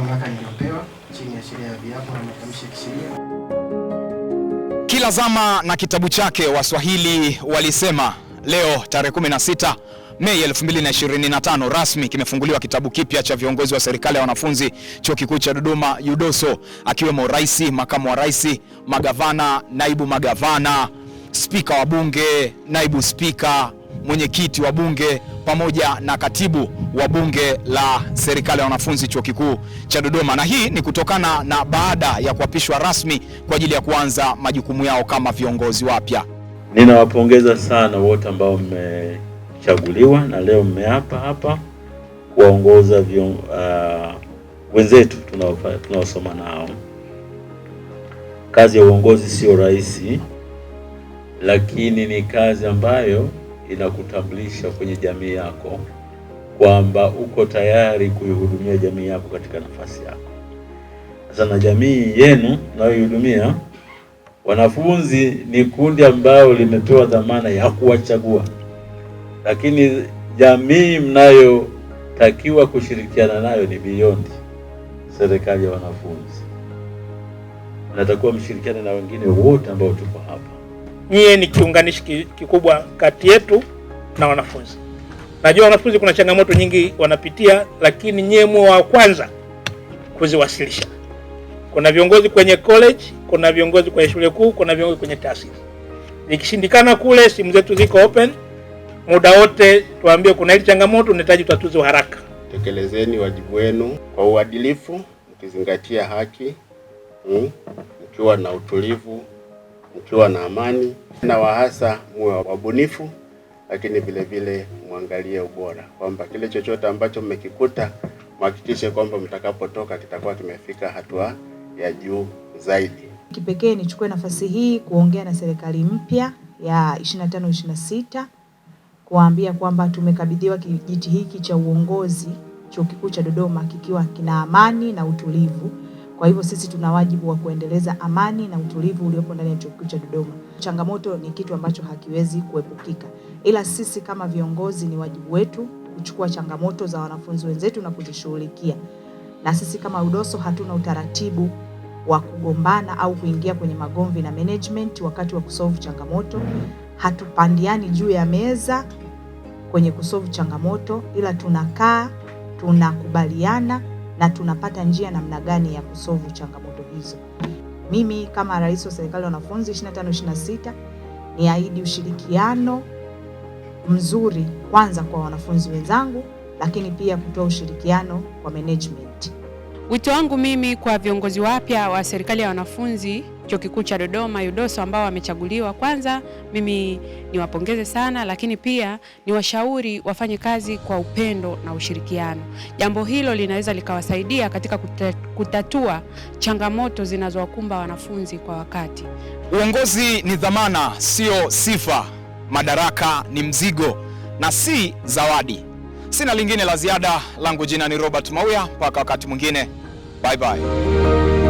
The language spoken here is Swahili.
mamlaka niliyopewa chini ya sheria ya viapo na matamshi ya kisheria. Kila zama na kitabu chake, Waswahili walisema. Leo tarehe 16 Mei 2025 rasmi kimefunguliwa kitabu kipya cha viongozi wa serikali ya wanafunzi Chuo Kikuu cha Dodoma UDOSO, akiwemo rais, makamu wa rais, magavana, naibu magavana, spika wa bunge, naibu spika mwenyekiti wa bunge pamoja na katibu wa bunge la serikali ya wanafunzi chuo kikuu cha Dodoma, na hii ni kutokana na baada ya kuapishwa rasmi kwa ajili ya kuanza majukumu yao kama viongozi wapya. Ninawapongeza sana wote ambao mmechaguliwa na leo mmeapa hapa kuwaongoza uh, wenzetu tunaosoma nao. Kazi ya uongozi sio rahisi, lakini ni kazi ambayo inakutambulisha kwenye jamii yako kwamba uko tayari kuihudumia jamii yako katika nafasi yako. Sasa na jamii yenu nayoihudumia, wanafunzi ni kundi ambayo limepewa dhamana ya kuwachagua, lakini jamii mnayotakiwa kushirikiana nayo ni beyond serikali ya wanafunzi, natakiwa mshirikiane na wengine wote ambao tuko hapa nyie ni kiunganishi kikubwa kati yetu na wanafunzi. Najua wanafunzi kuna changamoto nyingi wanapitia, lakini nyie mwe wa kwanza kuziwasilisha. Kuna viongozi kwenye college, kuna viongozi kwenye shule kuu, kuna viongozi kwenye taasisi. Ikishindikana kule, simu zetu ziko open muda wote, tuambie kuna hili changamoto, unahitaji utatuzi wa haraka. Tekelezeni wajibu wenu kwa uadilifu, mkizingatia haki, hmm, mkiwa na utulivu mkiwa na amani, na wahasa muwe wabunifu, lakini vile vile mwangalie ubora, kwamba kile chochote ambacho mmekikuta mhakikishe kwamba mtakapotoka kitakuwa kimefika hatua ya juu zaidi. Kipekee nichukue nafasi hii kuongea na serikali mpya ya 25 26 kuambia kwamba tumekabidhiwa kijiti hiki cha uongozi Chuo Kikuu cha Dodoma kikiwa kina amani na utulivu. Kwa hivyo sisi tuna wajibu wa kuendeleza amani na utulivu uliopo ndani ya chuo kikuu cha Dodoma. Changamoto ni kitu ambacho hakiwezi kuepukika, ila sisi kama viongozi ni wajibu wetu kuchukua changamoto za wanafunzi wenzetu na kuzishughulikia. Na sisi kama UDOSO hatuna utaratibu wa kugombana au kuingia kwenye magomvi na management wakati wa kusolve changamoto. Hatupandiani juu ya meza kwenye kusolve changamoto, ila tunakaa tunakubaliana na tunapata njia namna gani ya kusovu changamoto hizo. Mimi kama rais wa serikali ya wanafunzi 25 26 ni ahidi ushirikiano mzuri kwanza kwa wanafunzi wenzangu, lakini pia kutoa ushirikiano kwa management. Wito wangu mimi kwa viongozi wapya wa serikali ya wanafunzi Chuo Kikuu cha Dodoma UDOSO ambao wamechaguliwa, kwanza mimi niwapongeze sana, lakini pia niwashauri wafanye kazi kwa upendo na ushirikiano. Jambo hilo linaweza likawasaidia katika kutatua changamoto zinazowakumba wanafunzi kwa wakati. Uongozi ni dhamana, sio sifa. Madaraka ni mzigo na si zawadi. Sina lingine la ziada, langu jina ni Robert Mauya, mpaka wakati mwingine, bye bye.